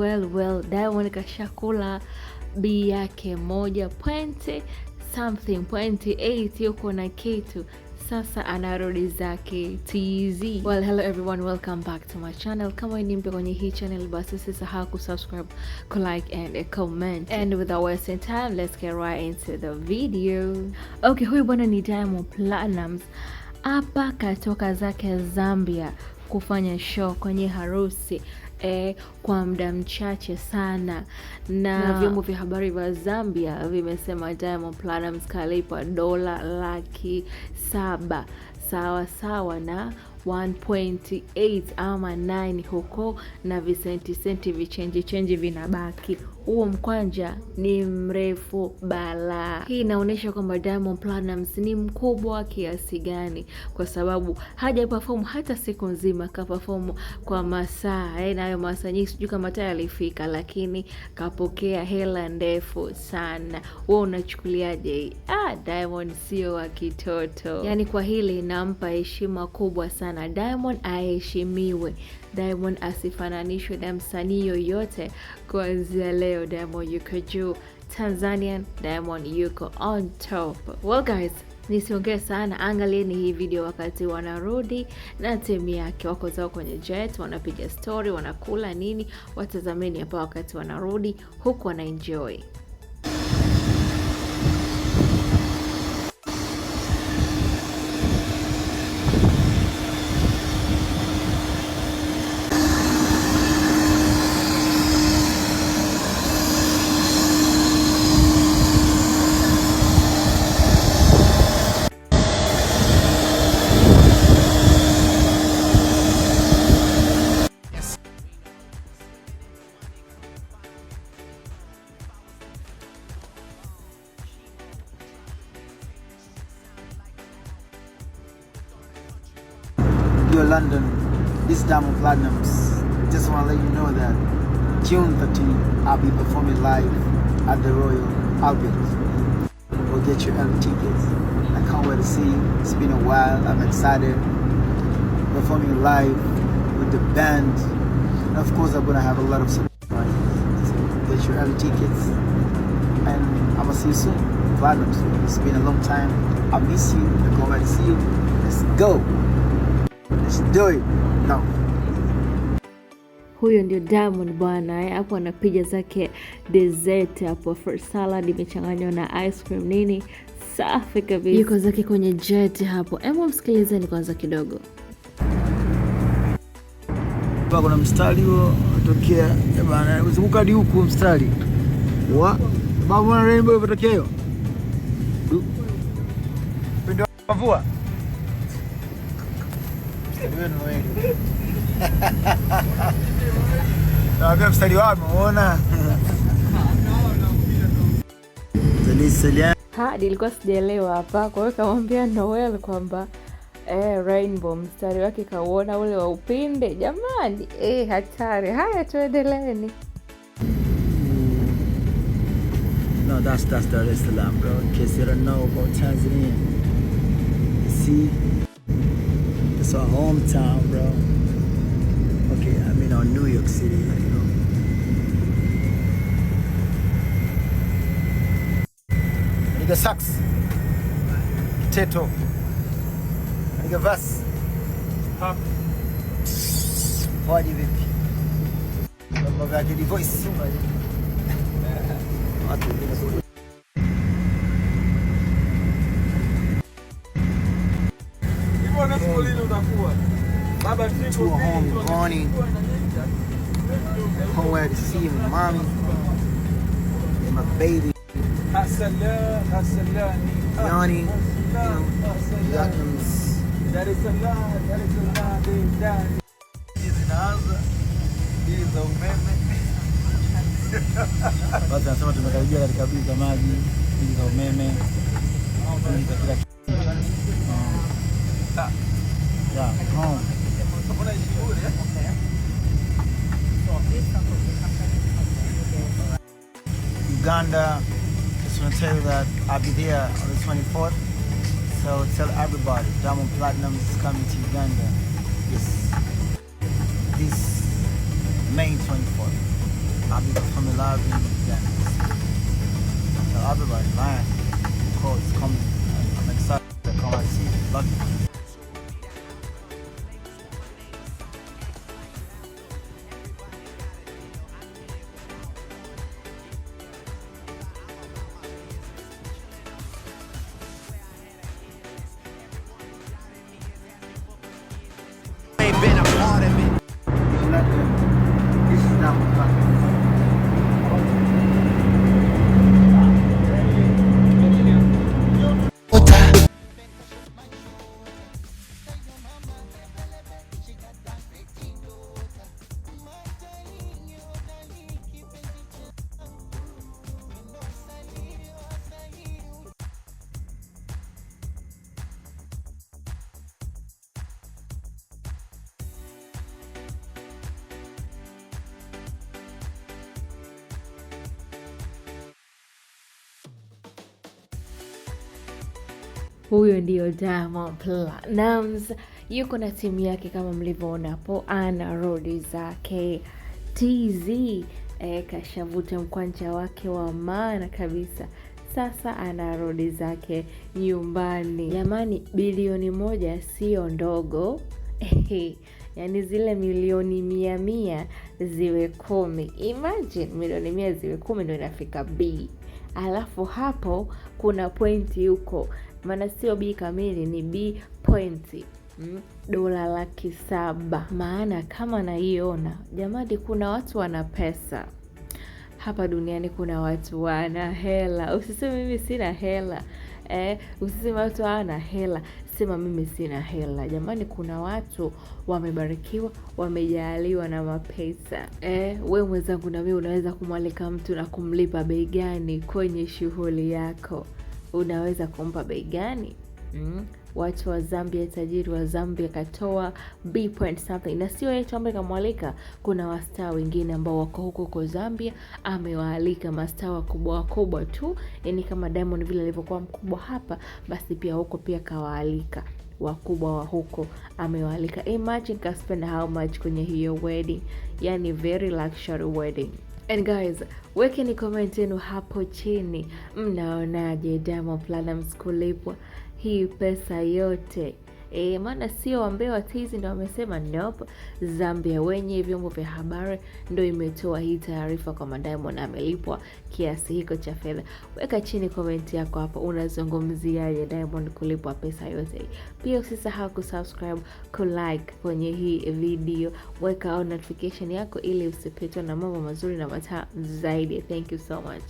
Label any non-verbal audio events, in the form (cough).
well, well, Diamond kashakula B yake moja point something point 8 yuko na kitu sasa anarudi zake TZ. Well, hello everyone, welcome back to my channel. Kama ni mpya kwenye hii channel, basi usisahau kusubscribe, ku like and comment. And without wasting time, let's get right into the video. Okay, huyu bwana ni Diamond Platnumz hapa katoka zake Zambia kufanya show kwenye harusi eh, kwa muda mchache sana na, na vyombo vya habari vya Zambia vimesema Diamond Platnumz kalipwa dola laki saba sawa sawa na 1.8 ama 9 huko, na visenti senti vichenji chenji vinabaki. Huo mkwanja ni mrefu balaa. Hii inaonyesha kwamba Diamond Platnumz ni mkubwa kiasi gani, kwa sababu haja perform hata siku nzima, ka kwa masaa eh, na masaa nyingi sijui kama tayari alifika, lakini kapokea hela ndefu sana. huo unachukuliaje? Ah, Diamond sio wa kitoto. yani, kwa hili nampa heshima kubwa sana sana. Diamond aheshimiwe, Diamond asifananishwe na msanii yoyote kuanzia leo. Diamond yuko juu Tanzanian, Diamond yuko on top. Well guys, nisiongee sana, angalieni hii video wakati wanarudi na timu yake, wako zao kwenye jet, wanapiga story, wanakula nini, watazameni hapa wakati wanarudi, huku wanaenjoy. London is Diamond Platinums. Just want to let you know that June 13th, I'll be performing live at the Royal Albert. We'll get you early tickets. I can't wait to see you. It's been a while. I'm excited. Performing live with the band. And of course, I'm going to have a lot of surprises. So get your early tickets. And I'm going to see you soon. Platinums. It's been a long time. I miss you. I can't wait to see you. Let's go. Let's do it No. Huyo ndio Diamond bwana eh, hapo, anapiga zake dessert hapo, fruit salad imechanganywa na ice cream nini, safi kabisa, yuko zake kwenye jet hapo. Hebu msikilizeni kwanza kidogo. Kuna mstari huo unatokea eh, bwana, uzunguka hadi huku mstari wa babu na rainbow, tokea hiyo mvua vyenu weli nawambia mstari wame uona nilikuwa sijaelewa hapa. Kwa hiyo kamwambia Noel kwamba eh, Rainbow mstari wake kauona ule wa upinde. Jamani eh, hatari! Haya, tuendeleni No, that's, that's bro. case you don't know about Tanzania. See? That's our hometown, bro. Okay, I mean our New York City, you know. Nigga sax. Potato. Nigga vas. Pop. Party vipi. Mambo yake ni voice. Watu (laughs) to a home gone nowhere to see mommy and my baby. Yanni, you know, That is a lie, that is a lie, they died. Is in Gaza, is a woman. Basi anasema tumekaribia katika bili za maji, bili za umeme, bili za kila kitu. Ah. Home. Uganda. Just want to tell you that I'll be there on the 24th. So tell everybody, Diamond Platinum is coming to Uganda. This this May 24th. I'll be performing live in Huyu ndio Diamond Platnumz, yuko na timu yake kama mlivyoona hapo, ana rodi zake TZ. E, eh, kashavuta mkwanja wake wa maana kabisa. Sasa ana rodi zake nyumbani. Jamani, bilioni moja siyo ndogo. Yaani zile milioni mia mia ziwe kumi. Imagine milioni mia ziwe kumi ndo inafika B. Alafu hapo kuna pointi huko maana sio B kamili, ni B point mm, dola laki saba. Maana kama naiona jamani, kuna watu wana pesa hapa duniani, kuna watu wana hela. Usiseme mimi sina hela eh, usiseme watu hawana hela, sema mimi sina hela. Jamani, kuna watu wamebarikiwa, wamejaaliwa na mapesa eh. We mwenzangu, na mimi unaweza kumwalika mtu na kumlipa bei gani kwenye shughuli yako? unaweza kumpa bei gani? Mm. Watu wa Zambia, tajiri wa Zambia katoa B point something, na sio yeye tu ambaye kamwalika. Kuna wastaa wengine ambao wako huko huko Zambia, amewaalika mastaa wakubwa wakubwa tu, yani kama Diamond vile alivyokuwa mkubwa hapa, basi pia huko pia kawaalika wakubwa wa huko amewaalika. Imagine kaspend how much kwenye hiyo wedding, yani very luxury wedding. And guys, wekeni comment yenu hapo chini, mnaonaje Diamond Platnumz kulipwa hii pesa yote? e, maana sio wambea wa tizi ndo wamesema nope. Zambia wenye vyombo vya habari ndo imetoa hii taarifa kwamba Diamond amelipwa kiasi hiko cha fedha. Weka chini komenti yako hapo, unazungumziaje Diamond kulipwa pesa yote? Pia usisahau kusubscribe, kulike kwenye hii video, weka on notification yako ili usipitwe na mambo mazuri na mataa zaidi. Thank you so much.